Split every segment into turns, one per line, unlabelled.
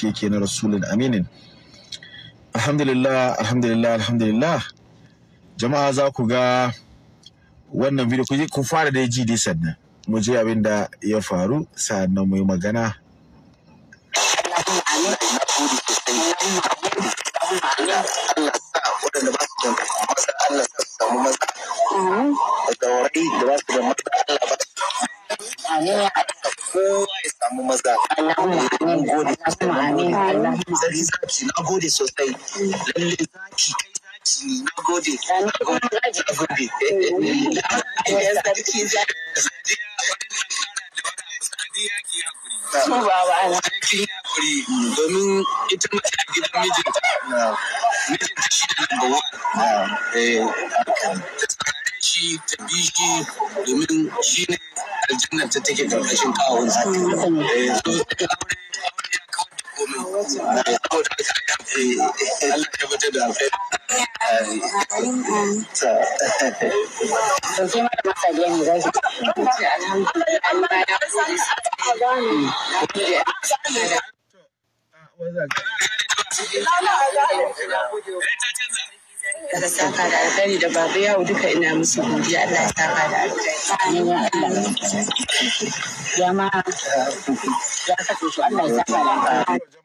keke na rasulun aminin alhamdulillah alhamdulillah alhamdulillah jama'a za ku ga wannan video ku ku fara da ji disan sannan mu je abin da ya faru sannan mu yi magana
Allah sa waɗanda ba su Allah sa gode sosai lalle zaki kai zaki ne na gode na gode yan domin ita mace a gidan mijinta mijinta shi da number one eh, shi ta bi domin shi ne aljannar ta take karkashin kawon sa. Allah saka da alkhairi da baba yawo duka ina musu godiya Allah ya saka da alkhairi jama'a ya kasance Allah ya saka da alkhairi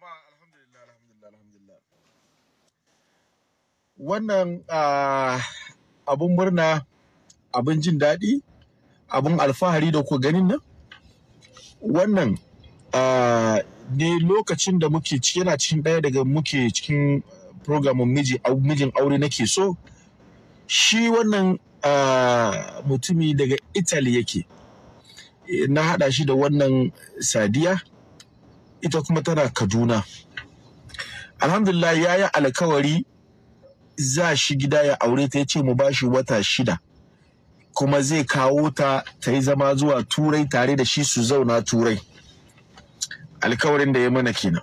wannan abun murna abin jin daɗi abin alfahari da ku ganin nan wannan ne lokacin da muke yana cikin ɗaya daga muke cikin programin mijin aure nake so shi wannan mutumi daga italy yake na haɗa shi da wannan sadiya ita kuma tana kaduna alhamdulillah ya yi alkawari za shi gida ya aure ta ya ce mu ba shi wata shida kuma zai kawo ta ta yi zama zuwa turai tare da shi su zauna turai alkawarin da ya mana kenan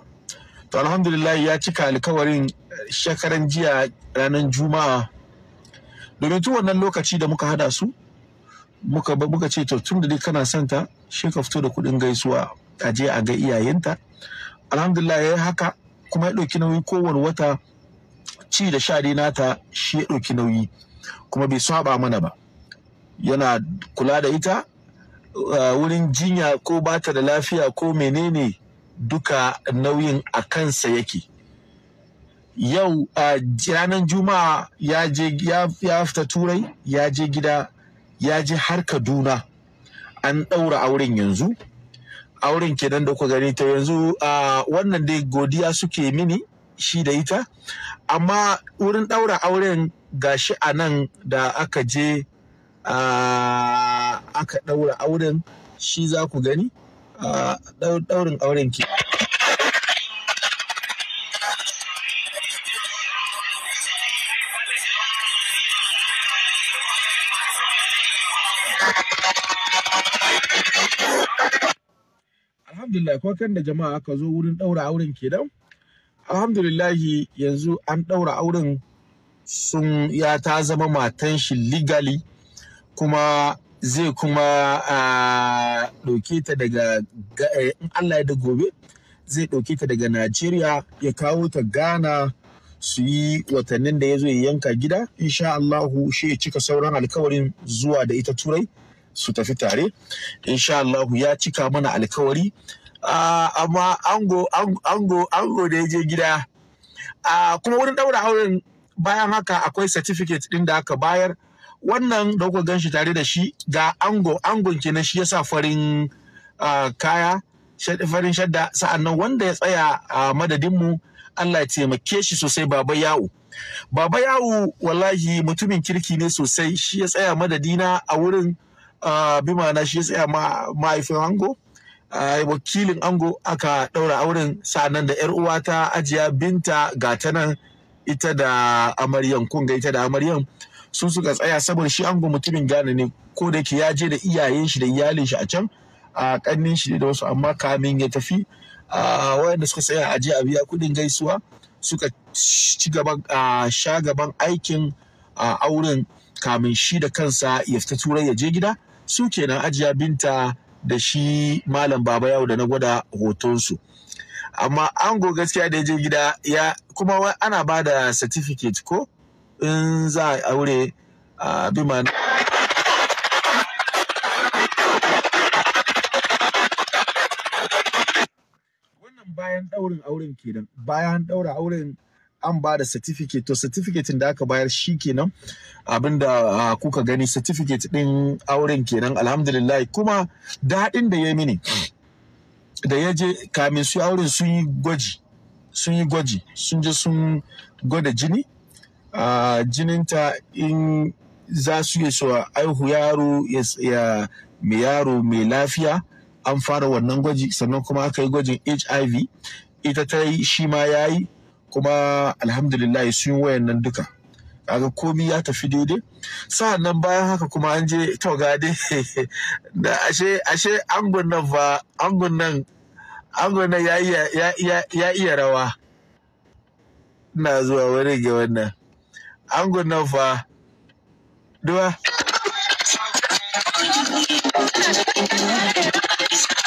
to alhamdulillah ya cika alkawarin eh, shekaran jiya ranar juma'a domin tun wannan lokaci da muka hada su muka muka ce to tun da dai kana son ta shi ka fito da kuɗin gaisuwa a je a ga iyayenta alhamdulillah ya yi haka kuma ya ɗauki nauyin kowane wata ci da sha dai nata shi ya ɗauki nauyi kuma bai saba mana ba yana kula da ita wurin jinya ko ba ta da lafiya ko menene duka nauyin a kansa yake yau a ranar juma'a ya je ya fita turai ya je gida ya je har kaduna an ɗaura auren yanzu auren kenan da kuka gani ta yanzu a wannan dai godiya suke mini shi da ita amma wurin ɗaura auren gashi a nan da aka je aka ɗaura auren shi za ku gani ɗaurin auren ke alhamdulillah ko da jama'a aka zo wurin ɗaura auren kenan alhamdulillahi yanzu an ɗaura auren sun ya ta zama matan shi legally kuma zai kuma a ɗauke ta daga eh, in Allah ya da gobe zai ɗauke ta daga Najeriya ya kawo ta Ghana su yi watannin da ya zo ya yanka gida insha Allahu shi ya cika sauran alkawarin zuwa da ita turai su tafi tare insha Allahu ya cika mana alkawari amma ango ango ango da ya je gida kuma wurin ɗaura auren bayan haka akwai certificate ɗin da aka bayar wannan da kuka gan shi tare da shi ga ango angon kenan shi yasa farin kaya farin shadda sa'annan wanda ya tsaya a madadinmu Allah ya taimake shi sosai baba yawo baba yawo wallahi mutumin kirki ne sosai shi ya tsaya madadina a wurin bima na shi ya tsaya mahaifin ango wakilin ango aka ɗaura auren sa'annan da 'yar uwa ta ajiya binta ga ta nan ita da amaryan kun ga ita da amaryan sun suka tsaya saboda shi ango mutumin gane ne ko da yake ya je da iyayen shi da iyalin shi a can a kannin shi da wasu amma kamin ya tafi a wayanda suka tsaya a a biya kudin gaisuwa suka ci gaban a sha gaban aikin a auren kamin shi da kansa ya fita turai ya je gida su kenan ajiya binta da shi malam baba yau da na gwada hotonsu amma an ango gaskiya da ya je gida ya kuma ana ba da certificate ko in za a aure a biman wannan bayan daurin auren kenan bayan daura auren an ba da certificate to certificate da aka bayar shi kenan abinda kuka gani certificate din auren kenan alhamdulillah kuma daɗin da ya mini da ya je kamin su auren sun yi gwaji sun yi gwaji sun je sun gwada jini jininta in za su yi su aihu yaro ya mai yaro mai lafiya an fara wannan gwaji sannan kuma aka yi gwajin hiv ita ta yi shi ma ya yi kuma alhamdulillah sun wayannan duka kaga komi ya tafi daidai nan bayan haka kuma an je to ga dai ashe angon nan fa angon nan angon nan ya iya rawa ina zuwa wani ga wannan angon nan fa duwa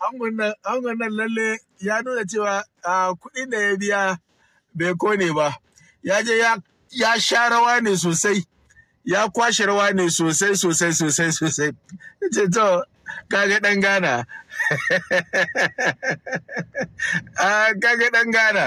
Angon nan lalle ya nuna cewa kuɗin da ya biya bai kone ba, ya je ya sha rawa ne sosai, ya kwashe rawa ne sosai sosai sosai sosai. Ce to, kaga ɗan gana. Kaga ɗan gana.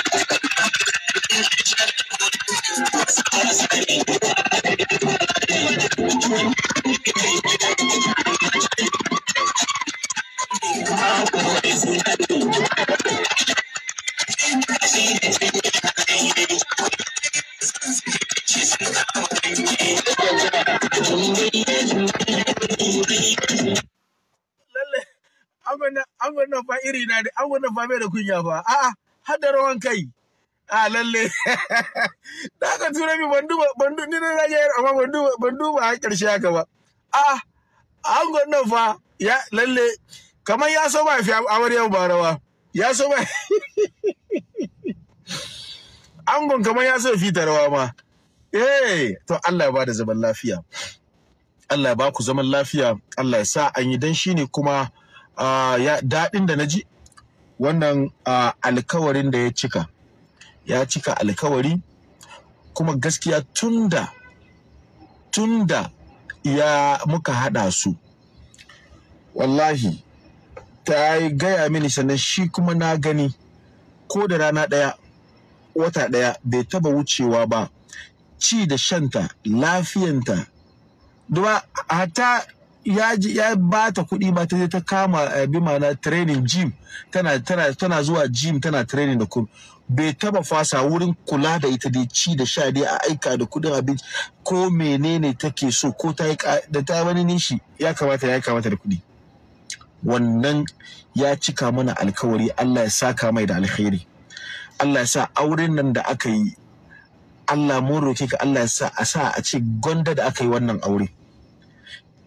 an wannan fa iri na an wannan fa bai da kunya fa a'a har da rawan kai a lalle da ka tura mi ban duba ban duba ni na rage amma ban duba ban duba a karshe haka ba a angon nan fa ya lalle kamar ya so ba fi amaryar barawa ya so ba angon kamar ya so fi rawa ma eh to Allah ya bada zaman lafiya Allah ya ba ku zaman lafiya Allah ya sa an yi dan shine kuma ya daɗin da na ji wannan alkawarin da ya cika ya cika alkawari kuma gaskiya tunda tunda ya muka haɗa su wallahi ta yi gaya mini sannan shi kuma na gani ko da rana ɗaya wata ɗaya bai taba wucewa ba ci da shanta lafiyanta duba hata ya ba ta kuɗi ba ta ta kama eh, bi na training gym tana tana zuwa gym tana training da kun bai taba fasa wurin kula da ita dai ci da sha dai a aika da kudin abinci ko menene take so ko ta yi da ta wani nishi ya kamata ya kamata da kudi wannan ya cika mana alkawari Allah ya saka mai da alkhairi Allah ya sa auren nan da aka yi Allah mun roke ka Allah ya sa a sa a ce gwanda da aka yi wannan aure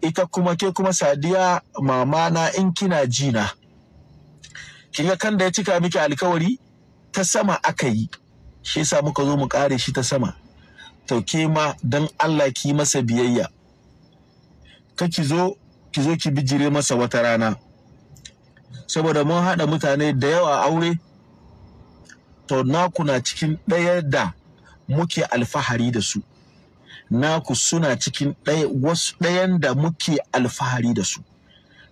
ita kuma ke kuma sadiya mama na in kina jina kin ga kan da ya cika miki alkawari ta sama aka yi shi yasa muka zo mu kare shi ta sama to ke ma dan Allah ki masa biyayya ka ki zo ki zo ki bijire masa wata rana saboda mun haɗa mutane da yawa aure to naku na cikin ɗaya da muke alfahari da su naku suna cikin wasu ɗayan da muke alfahari da su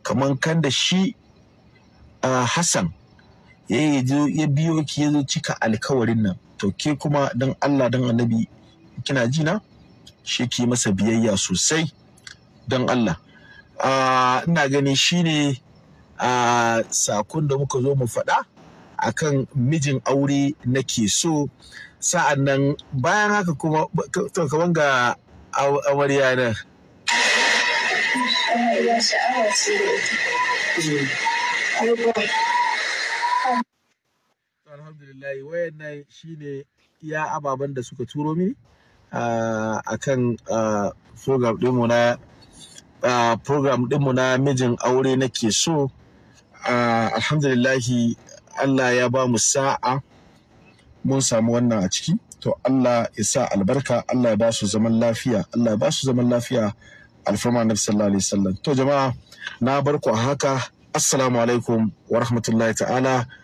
kamar kan da shi uh, Hassan ya biyo ki ya zo cika alkawarin nan to ke kuma don Allah don annabi kina ji na shi ki masa biyayya sosai don Allah ina gani shine a sakon da muka zo mu faɗa akan mijin aure nake so sa'an nan bayan haka kuma to kaman ga amarya nan sha'awa ce mm. alhamdulillah wayan nan shine iya ababen da suka turo mini a ah, kan ah, program ɗinmu na ah, program na mijin aure nake so alhamdulillah Allah ya ba mu sa'a mun samu wannan a ciki to Allah ya sa albarka Allah ya ba su zaman lafiya Allah ya ba su zaman lafiya alfama na sallallahu alaihi wasallam to jama'a na barku haka assalamu alaikum wa rahmatullahi ta'ala